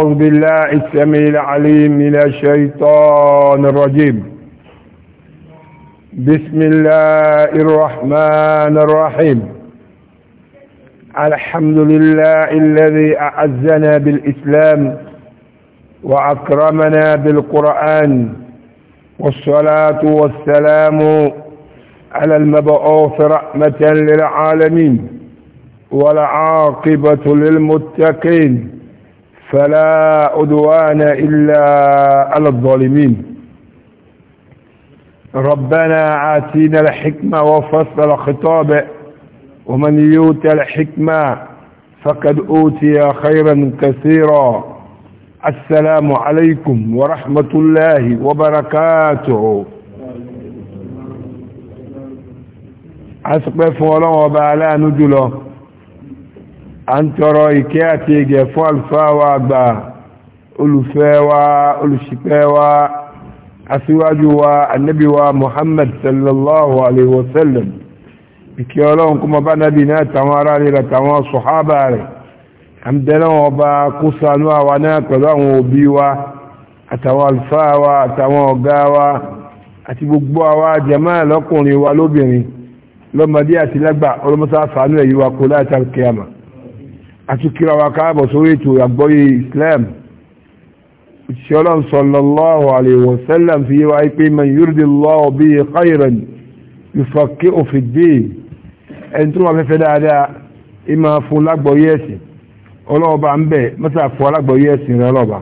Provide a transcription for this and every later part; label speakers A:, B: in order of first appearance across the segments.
A: أعوذ بالله السميع العليم من الشيطان الرجيم بسم الله الرحمن الرحيم الحمد لله الذي أعزنا بالإسلام وأكرمنا بالقرآن والصلاة والسلام على المبعوث رحمة للعالمين والعاقبة للمتقين فلا عدوان إلا على الظالمين ربنا آتينا الحكمة وفصل خطابه ومن يوت الحكمة فقد أوتي خيرا كثيرا السلام عليكم ورحمة الله وبركاته أسقف ولو وبعلا نجله a ń tọrọ ìkẹ́ àti ìgẹ̀ fún àlùfáà wa àgbà olùfẹ́ wa olùṣìpẹ̀ wa aṣíwájú wa annabi wa muhammad sallallahu alaihi wasallam ìkẹ́ ọlọ́run kúmọ bá nábi náà tàwọn ará rẹ̀ àtàwọn sọ̀hábà rẹ̀ àmdẹ́lọ́wọ̀n ọba kó ṣàánú àwa náà pẹ̀lú àwọn òbí wa àtàwọn àlùfáà wa àtàwọn ọ̀gá wa àti gbogbo àwa jàmáà lọ́kùnrin wa lóbìnrin lọ́mọdé àti lágbà ọlọ́mọsáfàánú ẹ̀yí wa kó láti alkiyama àti kíra wa káàbọ̀ sórí ètò àgbọ́yé Islam ṣọlọ́n sallallahu alayhi wa sallam fi yíwa ipé man yuridillahu bihi khayran yufaqqihu fid-din ẹni tó wà fẹ́fẹ́ dáadáa ìmá fún lágbọ́yé ẹ̀sìn ọlọ́ọ̀bá ń bẹ̀ mọ́sà fún alágbọ́yé ẹ̀sìn rẹ̀ ọlọ́ọ̀bá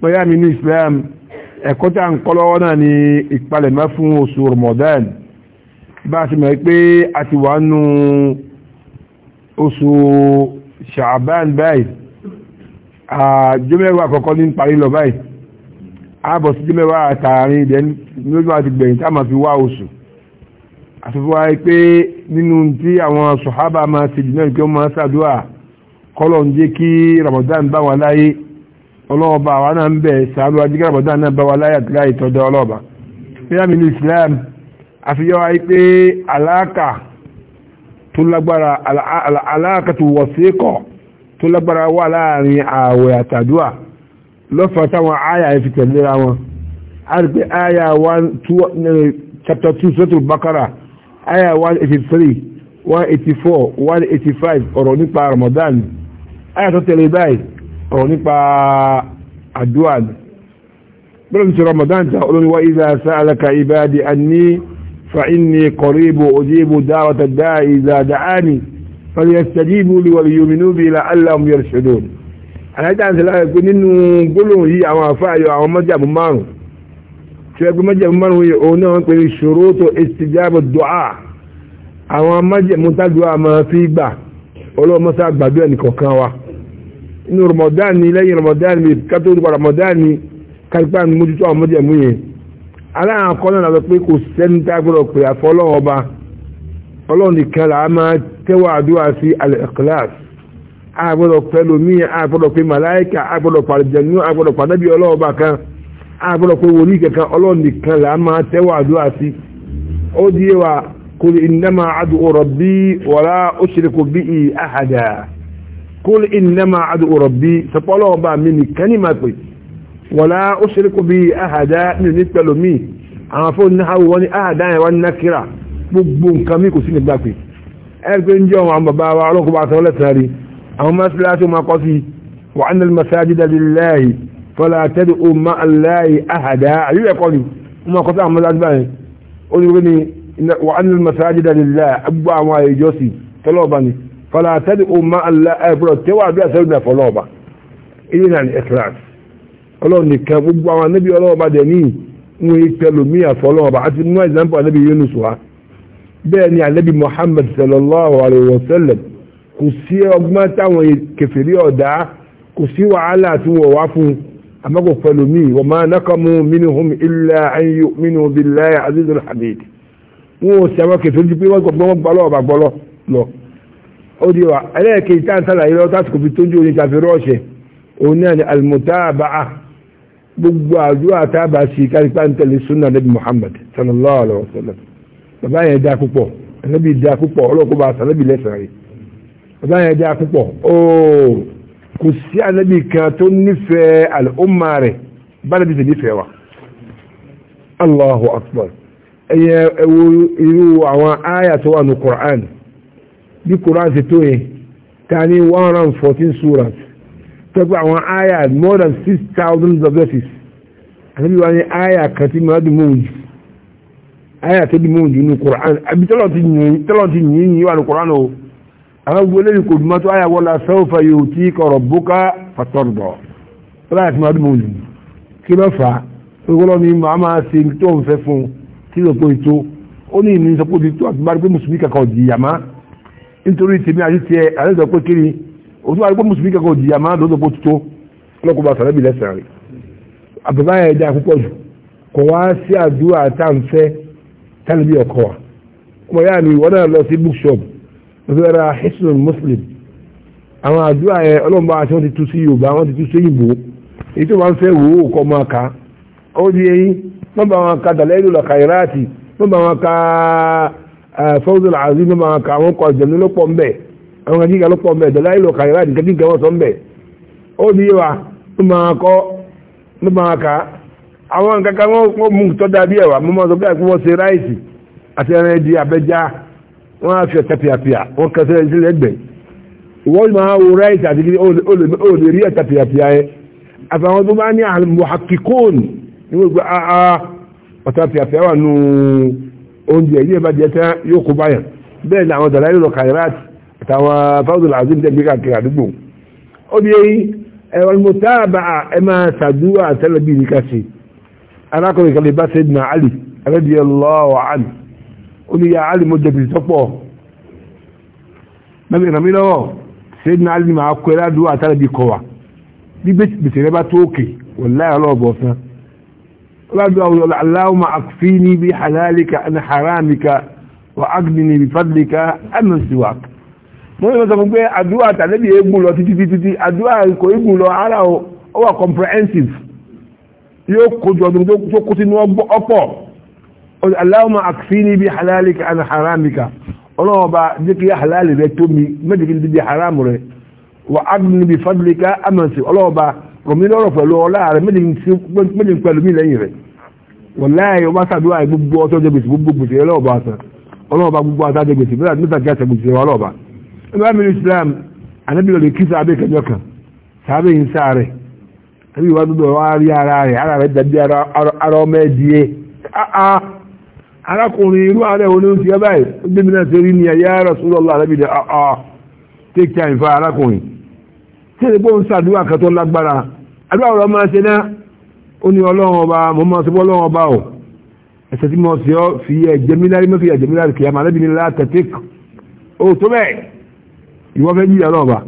A: bóyá mi ní Islam ẹ̀kọ́ tá à ń kọ́ náà ni ìpalẹ̀mọ́ fún oṣù Ramadan bá a ti mọ̀ pé a ti wà nù oṣù ṣàbán báyìí àjọmẹ́wàá àkọ́kọ́ ní parí lọ báyìí ààbọ̀ sí jọmẹ́wàá àtàrin ìdẹ́ lójú àti gbẹ̀yìn tá ma fi wá oṣù àtúnfà pé nínú tí àwọn sọ̀hábà máa ti jùlọ ìpé ọmọ sàdúà kọ́lọ̀ ń jẹ́ kí Ramadan bá wà láyé ọlọ́ọ̀bà àwọn náà ń bẹ̀ sàálù ajíkà Ramadan náà bá wà láyé àti láyé tọ́jọ́ ọlọ́ọ̀bà tó lágbára aláàkàtù wọ̀síkọ̀ tó lágbára wà láàrin ààwẹ̀ àtàdúà lọ́fà táwọn àyà ẹ̀ fi tẹ̀lera wọn a rí pé àyà 1 eh, chapter 2 suratul bakara àyà 183 184 185 ọ̀rọ̀ nípa ramadan àyà tó tẹ̀lé báyìí ọ̀rọ̀ nípa àdúà bẹ́ẹ̀ ni sọ ramadan ta olórí wa idha sa'alaka ibadi anni فإني قريب أجيب دعوة الداعي إذا دعاني فليستجيبوا لي وليؤمنوا بي لعلهم يرشدون أنا أجد أن سألت نínú gbólóhùn yìí àwọn àfáàyọ àwọn mọ́jàmù márùn tí ẹgbẹ́ mọ́jàmù márùn yìí òun náà pè ní ṣòrótò ìsìjábọ̀ dọ́à àwọn mọ́jàmù tàdúrà máa fi gbà ọlọ́mọ́sá gbàdúrà ẹnìkọ̀ọ̀kan wa inú Ramadan ni lẹ́yìn Ramadan ni kátó Ramadan ni kárípà mójútó àwọn mọ́jàmù yìí aláwọn akọ́nà làwọn pé kò sẹ́ni tá a gbọ́dọ̀ pè àfọlọ́wọ́ ọba ọlọ́run nìkan là á máa tẹ́wọ́ àdúrà sí al-ikhlas a gbọ́dọ̀ pẹ́ lomi a gbọ́dọ̀ pé màláìkà a gbọ́dọ̀ pàdánù a gbọ́dọ̀ pàdánù ọlọ́ọ̀ba kan a gbọ́dọ̀ pé wòlíì kankan ọlọ́run nìkan là á máa tẹ́wọ́ àdúrà sí ó di yé wa kul innama adu rabbi wala ushriku bihi ahada kul innama adu rabbi sọpọ́lọ́ọ̀ba mi nìkan ní máa pè wala ushriku bi ahada ní ní pẹ̀lú mi àwọn fún ní àwọn wọn ni ahada yẹn wọn ná kíra gbogbo nǹkan mi kò sí nígbà pé ẹgbẹ́ ń jẹ́ àwọn bàbá wa ọlọ́kọ̀ bá sọ lẹ́sẹ̀ rí àwọn mọ́síláṣí wọn kọ́ sí wa anna al-masajida lillahi fala tad'u ma'a Allahi ahada ní wípé ọlọ́run nìkan gbogbo àwọn anábì ọlọ́run bá dẹ̀ ní ìwọ̀n ìpẹlòmí àfọlọ́run bá àti nínú example anábì Yunus wa bẹ́ẹ̀ ni anábì Muhammad sallallahu alayhi wa sallam kò sí ọgbọ́n táwọn kẹfìrí ọ̀dá kò sí wàhálà tí wọ́n wá fún àmọ́ kò pẹlòmí wa ma naqamu minhum illa an yu'minu billahi azizul hamid wọn ò sí àwọn kẹfìrí ju pé wọ́n gbọ́ gbọ́lọ́ ọ̀bà gbọ́lọ́ lọ ó gbogbo àdúrà tá a bá ṣe kárípá ń tẹ̀lé sunna nabi muhammad sallallahu alayhi wa sallam bàbá yẹn dá púpọ̀ anabi dá púpọ̀ ọlọ́kọ̀ bá sanabi lẹ́sàn-án rẹ̀ bàbá yẹn dá púpọ̀ ooo kò sí anabi kan tó nífẹ̀ẹ́ al'umma rẹ̀ bánabi ti nífẹ̀ẹ́ wa allahu akbar ẹ̀yẹ ẹ̀wò irú àwọn àyà tó wà ní qur'an bí qur'an ti tó yẹn ká one hundred and fourteen surat tọ́pọ̀ àwọn aya more than six thousand verses àti wọ́n ní aya kan tí mọ́ra dùnmọ́ òjò aya tó dùnmọ́ òjò ní Qur'an àbí tọ́lọ̀ ti yìnyín yìí wà ní Qur'an o àwọn gbogbo lẹ́yìn kò dùnmọ́ tó aya wọ́la sawfa yu'tika rabbuka fatarda tọ́lọ̀ àti mọ́ra dùnmọ́ òjò kí ló fà á wọ́n ní màá máa ṣe tó ń fẹ́ fún kí ló pé tó ó ní ìní sọ tó àti pé mùsùlùmí kankan ò òtún àrígbó mùsùlùmí kankan òjì àmà lọ́dọ̀ bó tó ọlọ́kùnrin àtàlẹ́ bí lẹ́sẹ̀ rẹ̀ àbẹ̀bá yẹn dá púpọ̀ jù kò wá sí àdúrà táǹfẹ́ tálíbí ọkọ̀ wa ọmọ yára ni wọ́n náà lọ sí bookshop lọ́sẹ̀ rẹ̀ muslim àwọn àdúrà yẹn ọlọ́mọba àti wọn ti tú sí yorùbá wọn ti tú sí yìnbó èyí tó máa ń fẹ́ wò ó kọ́ máa kà ó di eyín wọ́n bá wọn ka dàlẹ́lù lọ kàyíráàtì wọ́n bá wọn ka eh, fawzul azim wọ́n bá wọn ka àwọn kọ̀ jẹ̀mú lọ́pọ̀ àwọn kan kíkà ló pọ̀ mẹ́ ìdọ̀lá ìlò kàrí láti kẹ́kí kẹwọ́n sọ mẹ́ ó di wa ló máa kọ́ ló máa kà àwọn nǹkan kan wọ́n mú tọ́ da bí ẹ̀wà mọ́mọ́ sọ pé àìkú wọ́n ṣe ráìsì àti ẹran ẹdí abẹ́já wọ́n á fi ọ̀tẹ̀ pìàpìà wọ́n kẹsẹ̀ ẹ̀sìn lẹ́gbẹ̀ẹ́ ìwọ́n máa wo ráìsì àti kí ó lè rí ọ̀tẹ̀ pìàpìà yẹn àtàwọn tó bá ní àmùhàkìkóòn ní wọ́n gbé ọ̀tẹ̀ pìàpìà wà nù oúnjẹ yìí ẹ̀ bá jẹ tán yóò kó báyà bẹ́ẹ̀ ni àwọn àtàwọn fáwọ́dù làzim tẹ́ gbé káàkiri àdúgbò ó di èyí ẹ̀wọ̀n mo táàbà ẹ máa ṣàdúrà àtẹ́lẹ̀ bí nìkan sí alákọ̀wé kan lè bá ṣe dùnà àlì àbẹ́bí ọlọ́wọ́ àlì ó ní ya àlì mo jẹ̀bi sọ́pọ̀ mẹ́bí ìrànmí lọ́wọ́ ṣe dùnà àlì máa kọ́ ẹ ládùúgbò àtẹ́lẹ̀ bí kọ̀wà bí gbèsè rẹ bá tó òkè wọ̀láyà ọlọ́ọ̀bọ̀ fún اللهم أكفيني بحلالك عن حرامك وأغنني بفضلك عمن سواك mo ní lọ sọ fún pé àdúrà tàlẹ́bì eégún lọ títí títí àdúrà kò eégún lọ ara ó wà comprehensive yóò kojú ọdún tó kó sínú ọ̀pọ̀ Allahumma akfini bi halalika an haramika ọlọ́wọ́ bá jẹ́ halali rẹ tó mi méjì kí bí haram rẹ wà agbóni bí fadlika amẹ́sì ọlọ́wọ́ bá rọ̀mí lọ́rọ̀ pẹ̀lú ọlá rẹ méjì pẹ̀lú mi lẹ́yìn rẹ wallahi ọba sàdúrà gbogbo ọtọ́ jẹ gbèsè gbogbo gbèsè ọlọ́wọ́ bá sàn ọlọ́wọ́ bá gbogbo ọtọ́ gbèsè mẹ́ta jẹ́ àṣẹ gbèsè ọlọ́wọ́ bá ìbá mi islam ànábì lọ lè kí sábẹ́ kẹjọ kan sábẹ́ yìí sáré àbí ìwà dúdú ọ̀rọ̀ àárí ara rẹ̀ ara rẹ̀ dàbí ara ọmọ ẹ̀dìyẹ ah, ah. arákùnrin irú ààrẹ wo ni ó ti yẹ báyìí ó débi náà ṣe ni ẹ̀yà Rasulullah ànábì dẹ̀ ọ̀ọ́ ah, take time fa arákùnrin tí èdè gbóhùn sàdúrà kan tó lágbára àdúrà ọ̀rọ̀ máa ṣe náà ó ní ọlọ́run ọba mo máa ṣe bọ́ ọlọ́run ọba o ẹ̀sẹ̀ tí mo ṣe fi ẹ̀jẹ̀ mi mọ́ fi ẹ̀jẹ̀ mi lárí kìyàmá ànábì ni látẹ̀tẹ̀k ó tó bẹ́ẹ̀ ìwọ fẹ́ jíyà náà bá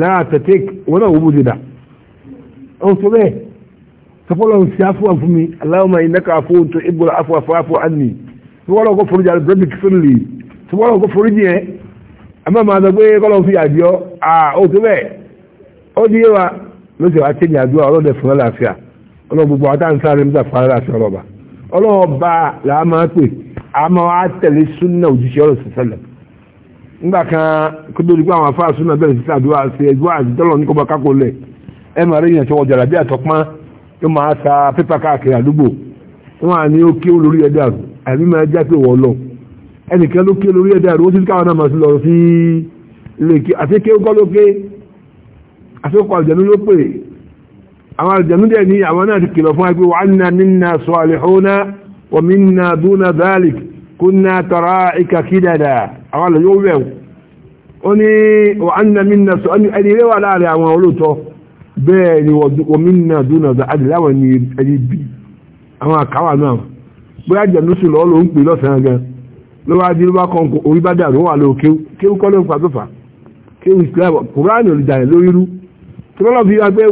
A: láàtẹ̀tẹ̀ wọn náà wọ́n mú ti dà ọ̀hún sọ bẹ́ẹ̀ sọfọ́lọ́ ń ṣe àfọwà fún mi aláwọ̀mọ̀ ìnáka àfọwò tó ìbúra àfọwà fọwọ́ àní sọfọ́lọ́ kó foríjì àlùbẹ́bí kìsìnlì sọfọ́lọ́ kó foríjì yẹn àmọ́ màá sọ pé kọ́lọ́ fi àjọ ọ̀hún sọ bẹ́ẹ̀ ó di wa ló ṣe wá kéde àdúrà ọlọ́dẹ fún ọlọ́àfíà ọlọ́ gbogbo àtàǹsáre ńgbà kan kótó nípa àwọn afá súnà bẹ́ẹ̀ sí àdúrà sí ẹgbẹ́ àdúrà ní kọ́ba kákó lẹ̀ ẹ máa rí ìyàn tí wọ́n jàrà bí àtọ́pọ́n tó máa ta pépà káàkiri àdúgbò wọ́n à ní ó kí olórí ẹ̀dá rù àbí máa já pé wọ́n lọ ẹnìkan ló kí olórí ẹ̀dá rù ó ti káwọn náà máa lọ sí ilé kí àti kí ó kọ́ ló ké àfikọ́ àjẹnú ló pè àwọn àjẹnú dẹ̀ ní àwọn náà ti kìlọ̀ fún wa anna minna salihuna wa minna duna dhalik kunna tara'ika kidada àwọn àlọ́ yóò wẹ̀ ó ní ọ̀hánà mínà sọ ẹni rẹ̀ wà láàrin àwọn olóòtọ́ bẹ́ẹ̀ ni wọ̀mínà dúnà dà adìláwọ̀ ni ẹni bí àwọn àkáwà náà bóyá jẹ̀núsù lọ́ ló ń pè lọ́sàn-án gan ló wá di lóbá kan orí bá dàrú wà lóò kéwú kọ́ ló ń pàtófà kéwú islam kùránì olùdarí lórí rú tí wọ́n lọ fi agbé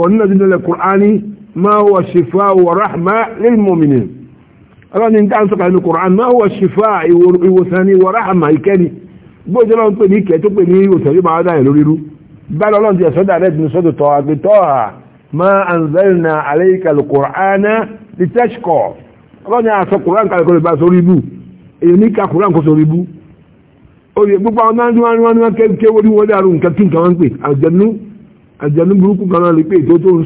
A: wọ̀nínà dínlẹ̀ máa wọ̀ ṣèfà wọ̀ ráhmà lil mu'minin ọlọ́ni ń dáhùn sọ́kà nínú Qur'an máa wọ ṣìfà ìwòsàn ni wọ́n ráhàmà ìkẹ́ni bóòjọ́ lọ́n pè ní ìkẹ́ tó pè ní ìwòsàn yóò máa dáhùn lórí rú báyìí ọlọ́run ti ẹ̀sọ́dà rẹ̀ ní sọ́dọ̀ tọ́ àgbẹ̀ tọ́ ha máa anzalna alayka al-Qur'ana litashqa ọlọ́ni àṣọ Qur'an kàlẹ́kọ̀ọ́ lè bá sórí ibú èyí ní ká Qur'an kó sórí ibú oye gbogbo àwọn náà wọn wọn wọn kéwké wọlé wọn dàrú lè pè tó tó ń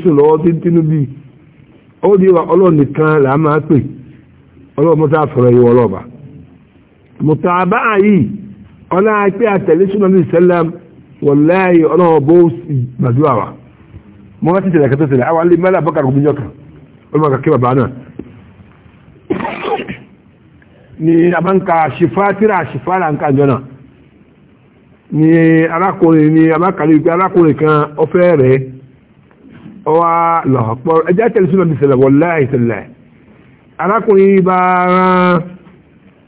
A: sùn ọlọ́wọ́ mọ́ta sọ̀rọ̀ yìí ọlọ́ọ̀bà mùtàbá yìí ọlá pé àtẹ̀lé súnmọ́ ní sẹ́lẹ̀m wọ̀láyé ọlọ́wọ́ bó gbàdúrà wa mọ́ bá ti tẹ̀lé kẹtọ́ tẹ̀lé àwọn alẹ́ mẹ́lá bọ́kà rògbòmíyàn kan ọlọ́wọ́ kàkẹ́ bàbá náà ni abánka ṣìfà tíra ṣìfà là ń kà jọ náà ni arákùnrin ni abákàlẹ́ pé arákùnrin kan ọfẹ́ rẹ̀ ọwá lọ́pọ̀ ẹjẹ́ àtẹ̀lé súnmọ́ ní sẹ́lẹ̀ wọ̀láyé sẹ́lẹ̀ arákùnrin bá rán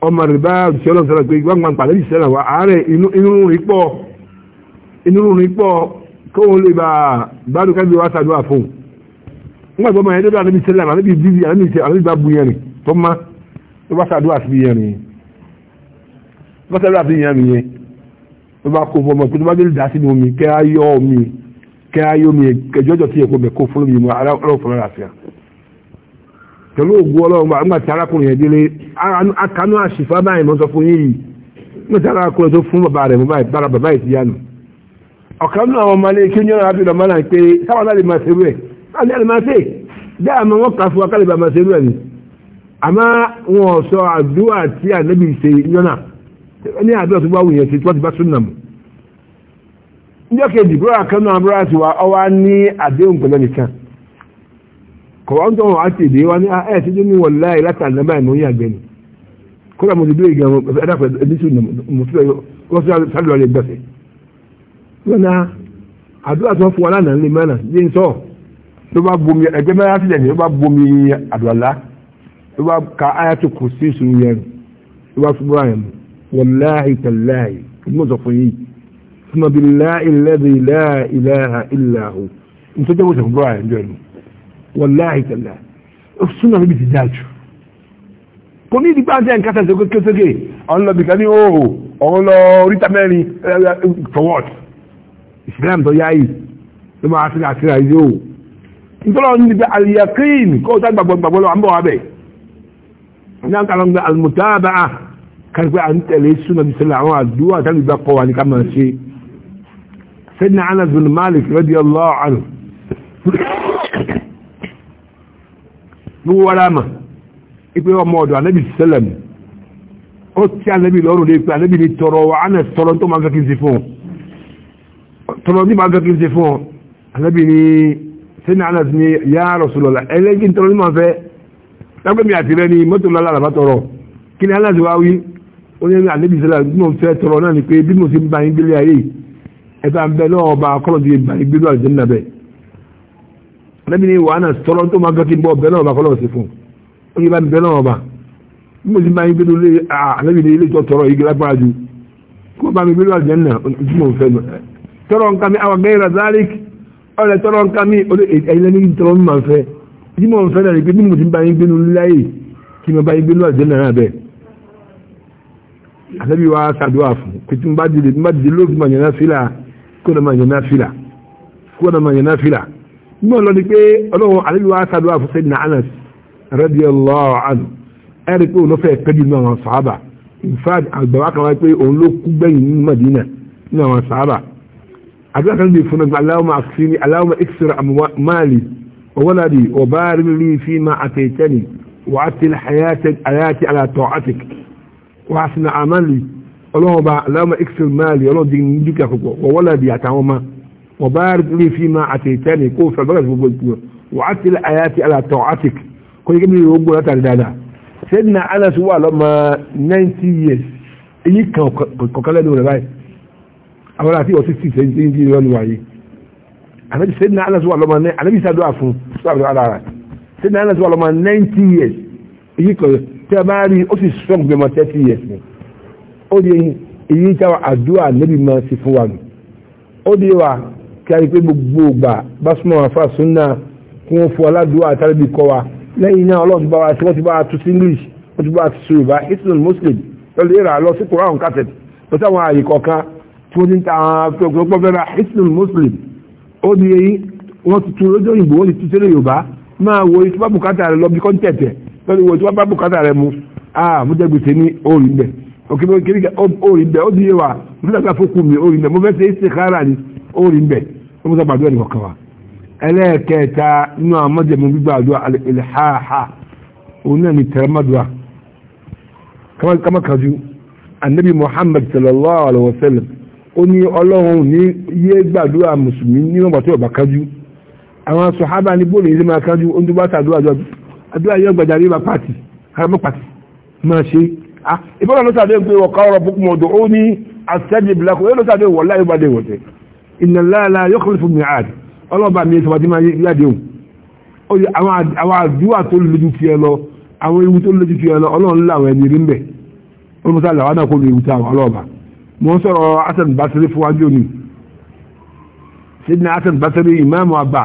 A: ọmọ rẹ̀ bá òṣìṣẹ́ ọlọ́run sọ́rọ̀ pé gbọ́ngbọ́n pàdé ìṣẹ́ náà wá ààrẹ inú rí pọ̀ inú rí pọ̀ kóhun lè bá gbádùn kẹ́bí wá sàdúrà fún un nígbà tó máa yẹn débà níbi sẹ́lẹ̀ àbí bíbí àbí ìṣẹ́ àbí bá bu yẹn tó má tó bá sàdúrà sí yẹn nìyẹn tó bá sàdúrà sí yẹn nìyẹn tó bá kó fọmọ pé tó bá dé dà sínú omi kẹ́ ayọ́ omi kẹ́ ayọ́ omi kẹjọ́jọ́ tí yẹ kó bẹ̀ kó fún mi mọ́ aláwọ̀ fún mi láti pẹ̀lú ògbó ọlọ́run àgbà tí arákùnrin ẹ̀dílé akánú àṣìfà báyìí mọ́ sọ fún yìí nígbà arákùnrin tó fún bàbá rẹ̀ mọ́ báyìí bára bàbá ìsì yánu ọ̀kan wọn máa lé kí ní ọ̀rọ̀ àbílọ̀ máa pé sáwọn láti máa ṣerú ẹ̀ láti ẹ̀rọ máa ṣe bí àmọ́ wọn sọ àdúrà tí kọ̀wọ́n tó wọn àti èdè wa ní ẹ̀ ṣe tó ní wọn láì láti àdàbà ìmọ̀ yín àgbẹ̀ ni kódà mo ti dúró ìgbà wọn ẹ̀dá pẹ̀lú ẹbí sùn mo fẹ́ wọ́n fẹ́ sálọ lè gbẹ̀fẹ̀. wọn na ah, àdúrà tó fún wa lánàá lè mọ́nà yé ń sọ ló bá bomi ẹgbẹ́ mẹ́ta sílẹ̀ ní ló bá bomi àdùàlá ló bá ka ayatu kùsí sùn yẹn ló bá fún wa yẹn wàláhì wàláhì tẹ̀lá súnà níbi ti dájú kò ní ìdígbà jẹ́ nǹkan tẹ̀sẹ̀ kékeré ọ̀n lọ bìkan ní òòrò ọ̀n lọ oríta mẹ́rin Islam tó yáyì ló máa fi àti àìyé o nítorí ndị dị kó o gbàgbọ́ lọ àmbọ̀ kárí pé à ń tẹ̀lé súnà bí sẹ́lẹ̀ àwọn àdúrà gbogbo wa láàmà ipe ọmọ ọ̀dọ̀ anabi sẹlẹm ó tí anabi lọ́rùn lé pé anabi ní tọrọ wa ana tọrọ tó máa ń fẹ́ kí n ṣe fún ọ tọrọ tí máa ń fẹ́ fún ọ anabi ní sẹ́ni anas ní yá Rasulullah ẹlẹ́gì tọrọ ní máa fẹ́ lápẹ́ mi àti rẹ ní mọ́tò lọ́la làbá tọrọ kí ni anas wá wí ó ní anabi sẹlẹm bí mo fẹ́ tọrọ náà ni pé bí mo ba yín gbélé ayé ẹ bá ń bẹ náà ọba ba yín gbélé àlùjẹ́ lẹ́bi ni wàhánà tọ́lọ́ tó máa gbẹ́kí bọ́ bẹ́ẹ̀ náà bá kọ́lọ́ sí fún un ó bá bẹ́ẹ̀ náà bá mo ti máa ń gbẹ́dọ̀ lé àlẹ́bi ilé ìjọ tọrọ yìí lágbára ju kó bá mi gbẹ́dọ̀ àjẹ́nà tí mo fẹ́ lọ tọrọ nǹkan mi àwọn gẹ́gẹ́ razalik ọ̀rẹ́ tọrọ nǹkan mi ẹ̀yìnlẹ́ni tọrọ mi máa fẹ́ tí mo fẹ́ lọ rí pé bí mo ti bá yín gbẹ́dọ̀ láyè kí mo bá yẹn náà fìlà nígbà lọ ni pé ọlọ́run àlejò wa sàdúrà fún sẹ́yìn náà Anas radiyallahu anhu ẹ̀rí pé òun lọ́fẹ̀ẹ́ pẹ́jù nínú àwọn sàábà in fact àgbàwá kan wáyé pé òun ló kú gbẹ̀yìn ní Madina nínú àwọn sàábà àdúrà kan lè fún ọgbà Allahumma àfihàn Allahumma iksir mali وولدي وبارك لي فيما أتيتني وعدت حياتك حياتي على طاعتك وحسن عملي اللهم اللهم اكسر مالي اللهم دي نجيك وولدي أتعوما وبارك لي فيما عتيتني كوف فبرز بقول وعتل آياتي على طاعتك كل جميل يقول لا تعالى سيدنا أنس ولما 90 years èyí kan kọ̀kọ́lẹ́ ní olùbáyé àwọn àti ọ̀sí sí sẹ́yìn tí wọ́n ní wáyé àlẹ́bí sẹ́dínà alásùwà lọ́mọ ní àlẹ́bí sàdúrà fún sọ́ọ̀rọ̀ ara rẹ̀ sẹ́dínà alásùwà lọ́mọ ninety years èyí kan tí a bá rí ó sì strong bí ọmọ thirty years ni ó di èyí tí a àdúrà níbi máa ti fún wa nù ó di wa kí a rí pé gbogbo ògbà bá súnmọ́ àfa súnà kí wọ́n fún aládùúgbò àtàlẹ́bí kọ́ wa lẹ́yìn náà ọlọ́run bá wa sí wọ́n ti bá tún sí english wọ́n ti bá wa tún sí yorùbá islam muslim lọ́lẹ́ ìrà lọ sí quran cassette wọ́n táwọn àyè kọ̀ọ̀kan tí muslim ó di eyín wọ́n ti tún lójú òyìnbó wọ́n ti tún sílẹ̀ yorùbá máa wo ìtura bùkátà rẹ lọ bí kọ́ńtẹ̀tẹ̀ lọ́lẹ́ wo ìtura bùkátà rẹ mu ah mo jẹ́ gbèsè ní orí bẹ̀ òkè orí musa gbàdúrà nìkan kan wa ẹlẹ́ẹ̀kẹta nínú àmọ́jẹ̀mú gbígbàdúrà alìlhàhà òun náà ni tẹ̀rẹ́màdúrà kamakanju anabi muhammad sallallahu alaihi wa sallam ó ní ọlọ́run ní yé gbàdúrà mùsùlùmí ní wọn bàtọ́ ọ̀bà kájú àwọn sọ̀hábà ní bóòlù yìí máa kájú ó ń dúbà tàdúrà jọ àdúrà yóò gbàjà rí ma pàtì haramọ́ pàtì máa ṣe ah, ìbọn lọ́sàdé ń pè wọ́n kọ́ ọ̀rọ̀ bùkún ó ní àṣẹ́jì bìlákùn ó lọ́sàdé wọ̀ láyé bá dé wọ̀tẹ́ inna Allaha la yukhlifu al-mi'ad ọlọ́ba mi sọ̀rọ̀ tí máa yáde òun àwọn àdúrà tó lójú ti ẹ lọ àwọn ewu tó lójú ti ẹ lọ ọlọ́run láwọn ẹni rí ń bẹ̀ wọ́n mú sálà wádà kó lè ewu táwọn ọlọ́ọ̀bà mo sọ̀rọ̀ Hasan Basri fún wájú ni sidna Hasan Basri ìmáàmù àbà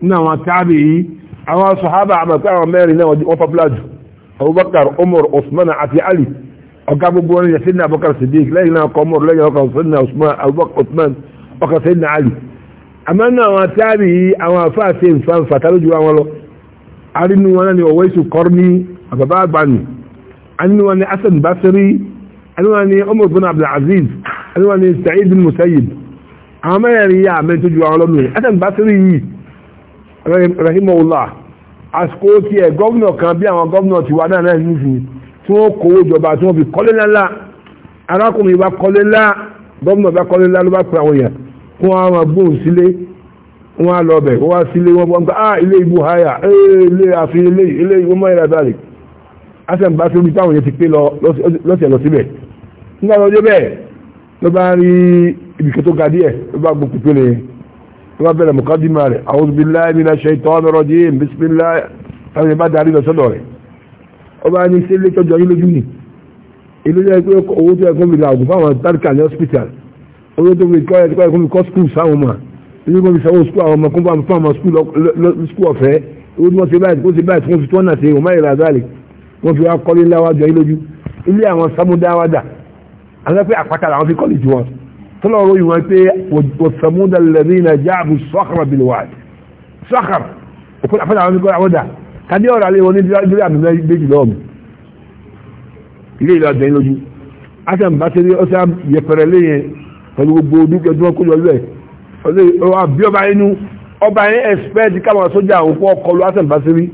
A: nínú àwọn táàbì yìí ọkọ̀ sẹ́yìn náà àlù àmọ́ náà àwọn táàbì àwọn afáàṣe nfàǹfà tá lójú àwọn lọ arínú wọn náà ni ọ̀wọ́ ìṣù kọ́rní àbàbá àgbànù arínú wọn ni Hasan Basri arínú wọn ni Umar bin Abdulaziz arínú wọn ni Sa'id bin Musayyib àwọn mẹ́rin yà mẹ́ tójú àwọn lọ́nu yìí Hasan Basri yìí rahimahullah àsìkò tí ẹ̀ gọ́vnà kan bí àwọn gọ́vnà ti wà náà náà nísìnyí tí wọ́n kówó jọba tí wọ́n fi kọ́lé ńlá arákùnrin bá kọ́lé ńlá gọ́vnà bá kọ́lé ńlá ló bá pè àwọn èèyàn wọ́n á máa bóun sílé wọ́n á lọ bẹ̀ wọ́n á sílé wọ́n bọ́n ah ilé ibú haya eh, ilé àfin ilé ilé ìwọ́n mọ́ ìrà bàlẹ̀ asẹ́m bá tóbi táwọn yẹn ti pé lọ́sẹ̀ lọ síbẹ̀ nígbà lọ́jọ́ bẹ́ẹ̀ ló bá rí ibìkan tó ga díẹ̀ ló bá gbọ́ pípélé ló bá bẹ̀rẹ̀ mọ̀kádìmá rẹ̀ a'udhu billahi minash shaitani rajim bismillah táwọn yẹn bá darí yẹn pé owó tó yẹ mi ra ògùn fáwọn tárìkà ní hospital owó tó fi kọ́ ẹ̀ kọ́ ẹ̀ kó fi kọ́ skul sáwọn ọmọ ibi kó fi sanwó skul àwọn ọmọ kó bá fún àwọn skul ọ̀fẹ́ owó tí wọ́n ṣe báyìí kó ṣe báyìí kó fi tó ọ̀nà ṣe òun máyì razali wọ́n fi wá kọ́lé ńlá wájú ayé lójú ilé àwọn samudáwádà àwọn pé àpáta làwọn fi kọ́lé tiwọn tọ́lọ̀ ròyìn wọn pé wọ́sàmúdà lẹ́rìnà jáàbù sọ́kàrà bìlúwàdì sọ́kàrà òkú àpáta àwọn fi kọ́lé àwọn dà tàbí ọ̀rọ̀ alẹ́ wọn ní dúró àmì méjì lọ́ọ̀mù ilé ìlú àjọyìn lójú pẹ̀lú gbogbo dúkẹ́ tí wọ́n kó yọlú ẹ̀ bí ọba inú ọba yẹn ẹ̀sìpẹ́ẹ̀tì káwọn sójà òkú ọkọlù asan basiri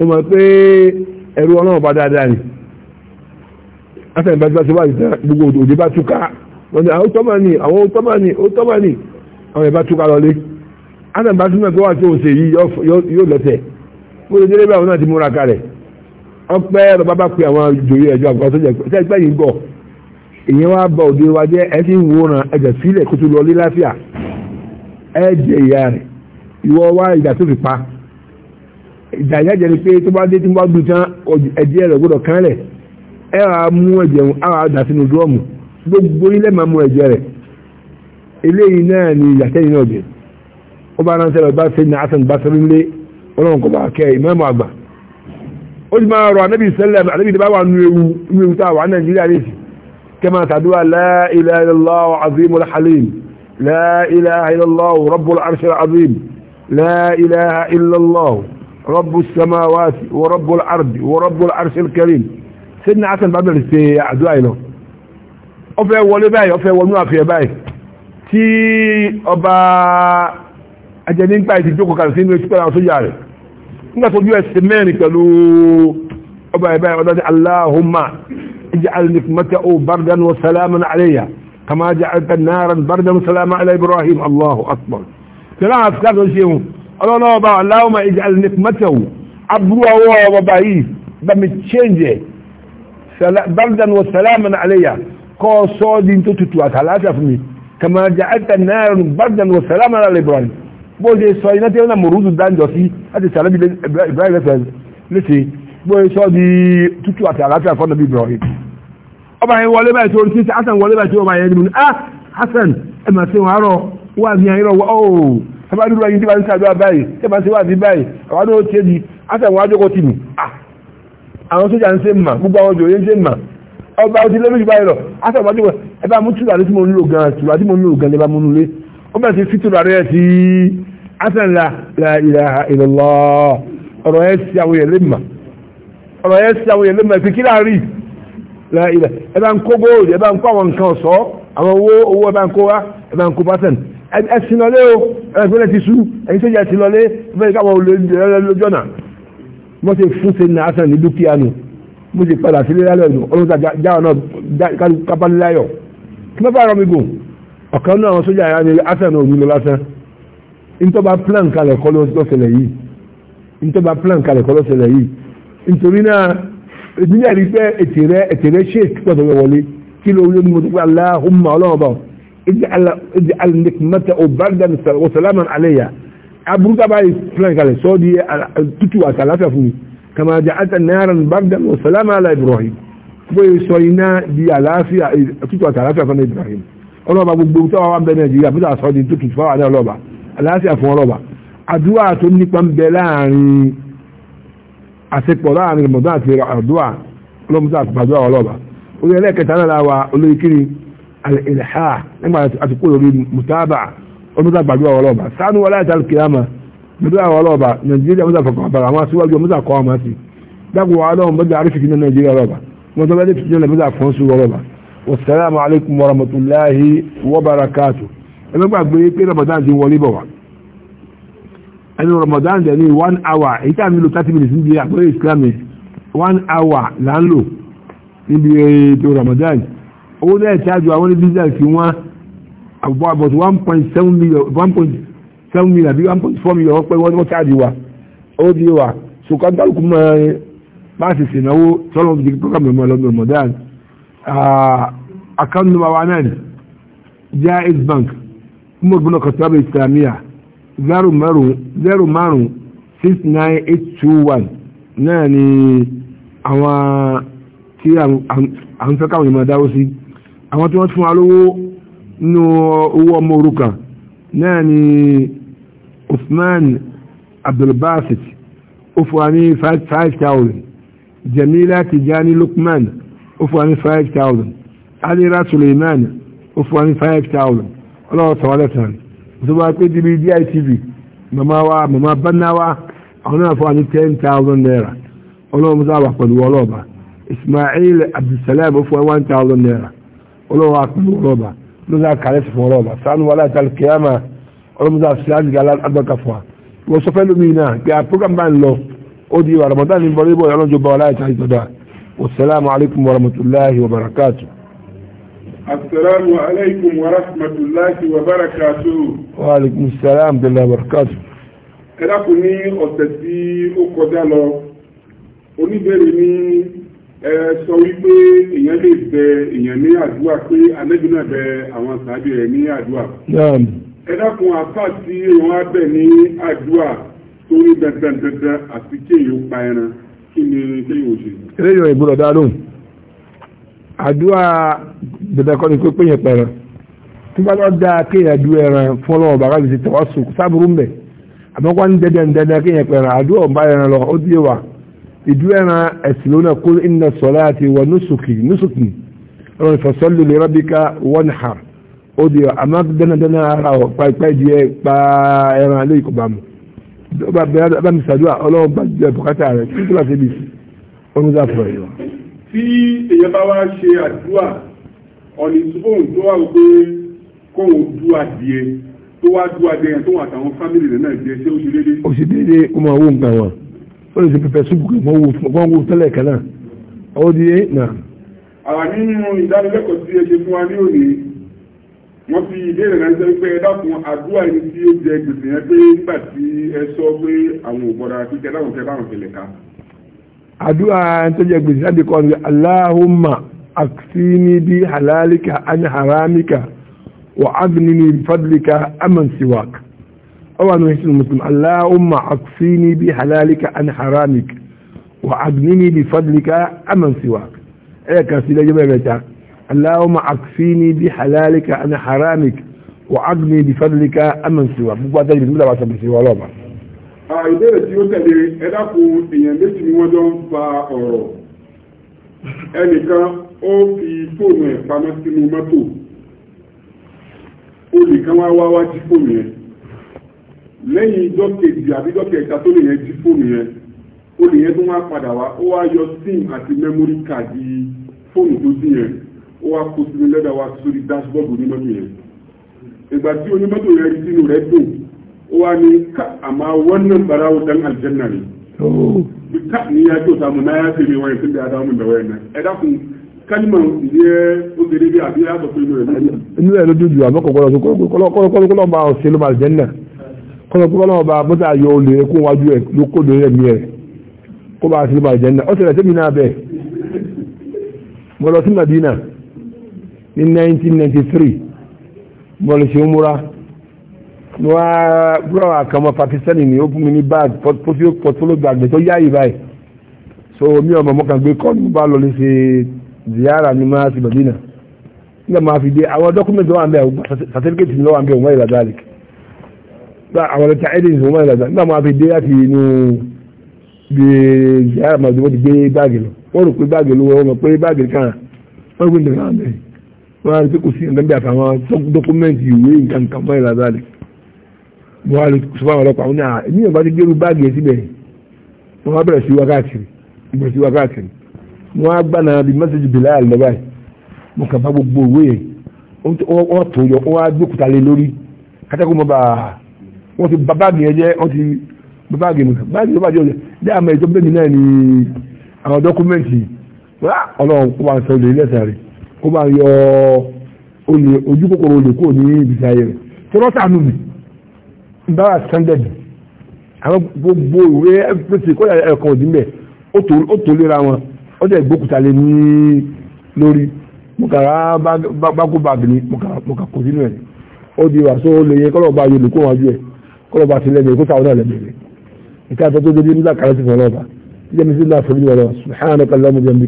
A: ó mọ̀ pé ẹ̀rù ọlọ́run bá dáadáa ni asan basiri wà nígbà gbogbo òde bá túká wọ́n ní àwọn tọ́mọ̀ ni àwọn tọ́mọ̀ ni ó tọ́mọ̀ ni àwọn ìbá túká lọlé asan basiri náà tó wà tí ó ṣe yìí yóò lẹ́tẹ̀ mo lè délé bá àwọn náà ti múra kalẹ̀ ọpẹ́ bàbá bá pe àwọn ìjòyè ẹ̀jọ̀ àgbà sójà ẹgbẹ́ yìí gbọ́ ìyẹn wá bá òde wa jẹ́ ẹ ti ń wòran ẹ̀jẹ̀ sílẹ̀ kó tó lọ lé láfíà ẹ̀jẹ̀ ìyá rẹ̀ ìwọ wá ìdà tó fi pa ìdà ìyá jẹ́ ni pé tó bá dé tí wọ́n gbé tán ẹ̀jẹ̀ rẹ̀ gbọ́dọ̀ kánlẹ̀ ẹ wàá mú ẹ̀jẹ̀ wọn àwọn àdà sínú dúrọ́ọ̀mù gbogbo ilé máa mú ẹ̀jẹ̀ rẹ̀ eléyìí náà ni ìyàtẹ́yìn náà jẹ́ ó bá ránṣẹ́ lọ bá ṣe ní asan bá sẹ́rí lé ọlọ́run kọ́ bá kẹ́ ìmọ̀ọ́mọ̀ àgbà ó ti máa rọ anábì sẹ́lẹ̀ anábì tó bá wà nú ewu ewu tá a wà nàìjíríà lè sìn كما تدعو لا إله إلا الله عظيم الحليم لا إله إلا الله رب العرش العظيم لا إله إلا الله رب السماوات ورب الأرض ورب العرش الكريم سيدنا حسن بابل استعدوا له ọfẹ́ wọlé báyìí ọfẹ́ wọnú àfihẹ báyìí tí ọba ajẹni ń gbáyìí ti jókòó kàrì sínú ẹ̀sùn pẹ̀lú àwọn sójà rẹ̀ nígbàtí ojú ẹ̀sẹ̀ mẹ́rin pẹ̀lú ọba ẹ̀báyìí ọdọ́dẹ́ Allahumma اجعل نفمته بردا وسلاما عليها كما جعلت النار بردا وسلاما على إبراهيم الله أكبر تلاحظ كذا شيء الله أبا اللهم اجعل نقمته عبروا هو وبعيه بمتشنجه بردا وسلاما عليها كو صود انتو تتوى ثلاثة فمي كما جعلت النار بردا وسلاما على إبراهيم بوجه صيناتي انا مرود الدان جوسي هذه سلام إبراهيم لسي gbé sọ di tútù àti àlàáfíà fọ́nà bí Ibrahim ọba yẹn wọlé báyìí tó títí Hasan wọlé báyìí tó ọba yẹn nínú ah Hasan ẹ mà sí wọn àárọ̀ wà ní àyẹ̀rọ̀ wọ́ ọ́ oh, sábà dúró ayé tí wọ́n ń sàdúrà báyìí tí wọ́n ti wà ní báyìí àwọn náà tiẹ̀ di Hasan wọn àjọkọ̀ tì mí ah àwọn sójà ń ṣe mà gbogbo àwọn jòyè ń ṣe mà ọba ọtí lẹ́mí ìbáyìí lọ Hasan wọn àjọkọ̀ ẹ bá mú tùràrí tí mo ń lò gan tùràrí tí mo ń lò gan lè bá mú nulẹ̀ ó bẹ̀rẹ̀ sí fìtùràrí ẹ̀ tí Hasan la ilaha illallah ọ̀rọ̀ ẹ̀ sí àwọn yẹn lè mà ọ̀rọ̀ yẹn sí àwọn èèyàn lẹ́mọ̀ ẹ̀fí kí láàárín ilẹ̀ ẹ bá ń kó góòlù ẹ bá ń kó àwọn nǹkan ọ̀ṣọ́ àwọn owó owó ẹ bá ń kó wá ẹ bá ń kó pátẹ̀n ẹ sì lọlé o ẹ gbọ́dọ̀ ti sú ẹ̀yin tó yẹ ti lọlé bẹ́ẹ̀ káwọn olójọ́ náà mo ti fún ṣe ní asan ní dúkìá nu mo ti padà sílé lálẹ́ ọ̀nà ọlọ́ta jáwọ́ náà kábániláyọ̀ kí ló bá rọ gùn ọ̀kan náà àwọn sójà yà ni asan ní lọ lásán nítorí plan kalẹ̀ kọ́ lọ́sẹ̀lẹ̀ yìí nítorí plan kalẹ̀ kọ́ lọ́sẹ̀lẹ̀ yìí nítorí náà ìdílé rí pé ètè rẹ ètè rẹ ṣe ìtúpọ̀tọ̀ rẹ wọlé kí ló wúlò ní mo tó pé aláhùnmá ọlọ́run bá ìdí alìmọ́tà ọ̀bàdà wọ̀sálàmà àlẹ́yà aburúkú abáyé plan kalẹ̀ sọ́ di tútù àti àlàáfíà fún mi kàmá jẹ́ àtànáyàrá bàdà wọ̀sálàmà àlẹ́ Ibrahim bóyá sọ iná di àlàáfíà eh, tútù àti àlàáfíà fún Ibrahim ọlọ́ba gbogbo tó wà bẹ nàìjíríà bí sọ di tútù fún àwọn ọlọ́ba àlàáfíà àsepọ̀ láàrin ramadan àti àdúrà ọlọ́mọdé àti àdúrà ọlọ́ba orí ẹlẹ́kẹta náà láwa olóyè kiri alìlẹ́hà nígbà àti kó lórí mutaba ọlọ́mọdé àgbàdúrà ọlọ́ba sanu wọlé àti alìkìyàmà gbàdúrà ọlọ́ba nàìjíríà mọ́tà fọkàn àbàrà àwọn aṣíwájú mọ́tà kọ́ ọmọ sí dákùwà ọlọ́run mọ́tà àrífìkì ní nàìjíríà ọlọ́ba mọ́tà bẹ́ẹ̀ fi jẹ́ mọ́tà fọ́n sí ọlọ́ba wasalaamu alaykum wa rahmatulahi wa barakatuh ẹgbẹ́gbàgbé pé ramadan ti wọlé bọ̀ wá ẹni Ramadan dẹ̀ ní one hour èyí tí a nílò thirty minutes níbi àgbẹ̀rẹ̀ Islam one hour là ń lò níbi ètò Ramadan owó náà ṣáájú àwọn oníbíjà sí wọn àbúbọ̀ about one point seven million one point seven million àbí one point four million wọ́n pẹ́ wọ́n wọ́n ṣáájú wa ó di wa ṣùgbọ́n dálùkù mọ́ ẹ bá a sì ṣènáwó sọ́lọ́ fi di program ẹ̀mọ́ lọ́dún Ramadan account number one. náà Jaiz Bank fún mọ̀gbọ́n kọ̀tàbẹ̀ Islamiyah zero márùn zero márùn six nine eight two one náà ni àwọn tí à ń fẹ́ káwọn ìmọ̀ dáwó sí àwọn tí wọ́n fún wa lówó nínú owó ọmọ òrukàn náà ni Usman Abdulbasit ó fún wa ní five five thousand Jamila Tijani Lukman ó fún wa ní five thousand Alira Suleiman ó fún wa ní five thousand ọlọ́wọ́ sọ̀rọ̀ lẹ́sàn-án tó bá pé débi DITV màmá wa màmá bánáwá àwọn náà fún wa ní ten thousand naira ọlọ́run sá wà pẹ̀lú ọlọ́ọ̀bà Ismail Abdulsalam fún wa one thousand naira ọlọ́run wà pẹ̀lú ọlọ́ọ̀bà ló sá kàlẹ́ sí fún ọlọ́ọ̀bà sanu wàlá ìtàlù kìyàmà ọlọ́run sá sí àdìgá alágbàkà fún wa wọ́n sọ fẹ́ lómi náà pé à program bá ń lọ ó di wa Ramadan ní bọ́lébọ̀ ọlọ́jọba wàlá ìtàlù ìtọ́jà wasalaamu alaykum wa rahmatulahi wa barakatuh.
B: السلام عليكم ورحمة الله وبركاته
A: وعليكم السلام ورحمة الله وبركاته
B: ẹlákùn ní ọ̀sẹ̀ tí ó kọjá lọ oníbẹ̀rẹ̀ ní ẹ sọ wípé èèyàn lè bẹ èèyàn ní àdúrà pé alẹ́bí náà bẹ àwọn sàábì rẹ̀ ní àdúrà ẹlákùn àfà tí wọn á bẹ̀ ní àdúrà tó ní dandandandan àti kéèyàn pa ẹran kí ni kéèyàn ò ṣe.
A: eré yóò ìgbọ́dọ̀ dá lóhùn àdúrà dandankọ́ ni pé péye pẹ̀rẹ̀ tí wọ́n lọ da kéèyàn du ẹran fọlọ́ ọba kábi ṣe tẹ̀wọ́ sùn sábúrú mbẹ̀ àmọ́ wọ́n ń dẹ́dẹ́ ń dẹ́dẹ́ kéèyàn pẹ̀rẹ̀ àdúrà ọba ẹran lọ ó di wa ìdú ẹran ẹ̀sìn lónà kó inna salati wa nusuki nusuki ọlọ́run fasalli li rabbika wanhar ó di wa àmọ́ dẹ́nadẹ́nà ara ọ̀ pàìpàì di ẹ pa ẹran alẹ́ ìkọ̀bà mu ọba bẹ̀rẹ̀ abámisàdúrà ọlọ́run bá jẹ bùkátà rẹ̀ kí n tó bá ṣe bí ọ̀run zá fọ̀ ẹ̀yọ́
B: tí èyàn bá wá ṣe àdúrà ọ̀nì ìtúbọ̀n tó wà wípé kóhùn dú adìẹ tó wá dú adìẹ yẹn tó wà àtàwọn fámìlì rẹ̀ náà jẹ́ ṣé ó ṣe déédéé. ó ṣe déédéé
A: ó máa wó nǹkan wọn ó lè ṣe pẹpẹ súpù kí wọ́n wó tẹ́lẹ̀ kan náà ọwọ́ di é nà.
B: àwa nínú ìdánilẹ́kọ̀ọ́ tí ẹ ṣe fún wa ní òní wọ́n fi ìbéèrè ránṣẹ́ pé ẹ dákun àdúrà ẹni tí ó jẹ gbèsè yẹn pé nígbà tí ẹ sọ pé àwọn òbọ̀dà àti kẹdáwọn kẹdáwọn kẹlẹ̀ ká.
A: àdúrà tó jẹ gbèsè láti kọ́ ní aláhùnmá àkíní bí halalika an haramika wa abinini fadlika aman siwak ọwà ní ṣe musulun aláhùnmá àkíní bí halalika an haramika wa abinini bí fadlika aman siwak ẹ̀yà kan sí lẹ́jọ́ bẹ̀rẹ̀ ta aláhùnmá àkíní bí halalika an haramika wa abinini bí fadlika aman siwak gbogbo àtàlẹ́ ìdílé wà sọ̀rọ̀ sí wọ́lọ́ba
B: ìbéèrè tí ó tẹ̀lé ẹ̀dàkùn èèyàn méjì ni wọ́n jọ ń fa ọ̀rọ̀ ẹnìkan ó fi fóònù ẹ̀ pamọ́ sínú mọ́tò olùkan wá wá wá jí fóònù yẹn lẹ́yìn ijọ́ àbí ijọ́ tó lè yẹn jí fóònù yẹn tó wá padà wá ó wá yọ sim àti mẹ́mórí kàdí fóònù tó jí yẹn ó wá kó sínú lẹ́dà wá sórí dashboard onímọ́tò yẹn ìgbà tí onímọ́tò yẹn rí sínú rẹ̀ dùn uwa ne ka amma wannan barawo dan aljanna ne duk ka ni ya kyauta mu na ya fi mai wayan tun da ya dawo mun da wayan nan ẹ dákun kalimọ ìdíyẹ obìnrin bí àbí yàtọ̀ fún ìlú rẹ̀.
A: inú ẹ̀ ló dùjú àmọ́ kọ̀kọ́rọ̀ sí kọ́lọ́kọ́lọ́ bá ọ̀ sí ló máa jẹ́ náà kọ́lọ́kọ́lọ́ bá mọ́tà yọ olè kó wájú ẹ̀ ló kó lórí ẹ̀mí ẹ̀ kó bá sí ló máa jẹ́ náà ó ṣẹlẹ̀ sẹ́mi náà bẹ́ẹ̀ mo lọ sí Madina ní 1993 mo lọ sí umura ní wá búrọ̀ àkànmọ́ pakistani ni ó fún mi ní bag portfolio portfolio bag tó yáyì báyìí so mi ọmọ mọ́ kan gbé kọ́ ní mo bá lọ lè ziyara ní máa ti bàbí náà nígbà fi dé àwọn dọ́kúmẹ̀ntì wà bẹ́ẹ̀ certificate ni wà bẹ́ẹ̀ òun wáyé làdáàlì àwọn ọ̀tá edins òun wáyé làdáàlì nígbà máa fi dé láti inú bí ziyara máa ti wọ́n ti gbé báàgì lọ wọ́n rò pé báàgì lówó wọ́n mọ̀ pé báàgì kan wọ́n gbé nígbà máa bẹ̀rẹ̀ wọ́n á rí pé kò sí ẹ̀ńdẹ́gbẹ̀ àtàwọn dọ́kúmẹ̀ntì ìwé nǹkan kan wáyé làdáàlì wọ́n á lè sọ́fà ọlọ́pàá wọn ní à ní ọba ti gbérú báàgì ẹ̀ síbẹ̀ wọ́n á bẹ̀rẹ̀ sí wákàtí ìbẹ̀rẹ̀ sí wákàtí wọ́n á gbà náà bí mẹ́sàgì bìlá mo bá gbogbo òwe yẹn wọ́n tó yọ wọ́n á gbókùtà ba báàgì yẹn jẹ́ wọ́n ti ba báàgì mi báàgì yóò bá jẹ́ ọ̀jẹ̀ àmọ́ ètò bẹ́ẹ̀ náà ni àwọn dọ́kúmẹ́ǹtì ah, ọlọ́run kó bá sọ báwa standard àwọn gbogbo ìwé ẹ̀fẹ́sì kọ́lá ẹ̀kan òdì mẹ́ ó tó lera wọn ó jẹ́ ìgbókùtà lé ní lórí mo kàrà bákú bàgì ni mo kà kò sínú ẹ̀ ó di wà só lè yẹ kọ́lọ̀ bá yẹ lè kó wájú ẹ̀ kọ́lọ̀ bá ti lẹ́gbẹ̀ẹ́ kó táwọn náà lẹ́gbẹ̀ẹ́ ìka àtọ́ tó débi nígbà kàrà sí fún ọlọ́ba ilé mi sí náà fún ìwọ̀n subhanaka allahumma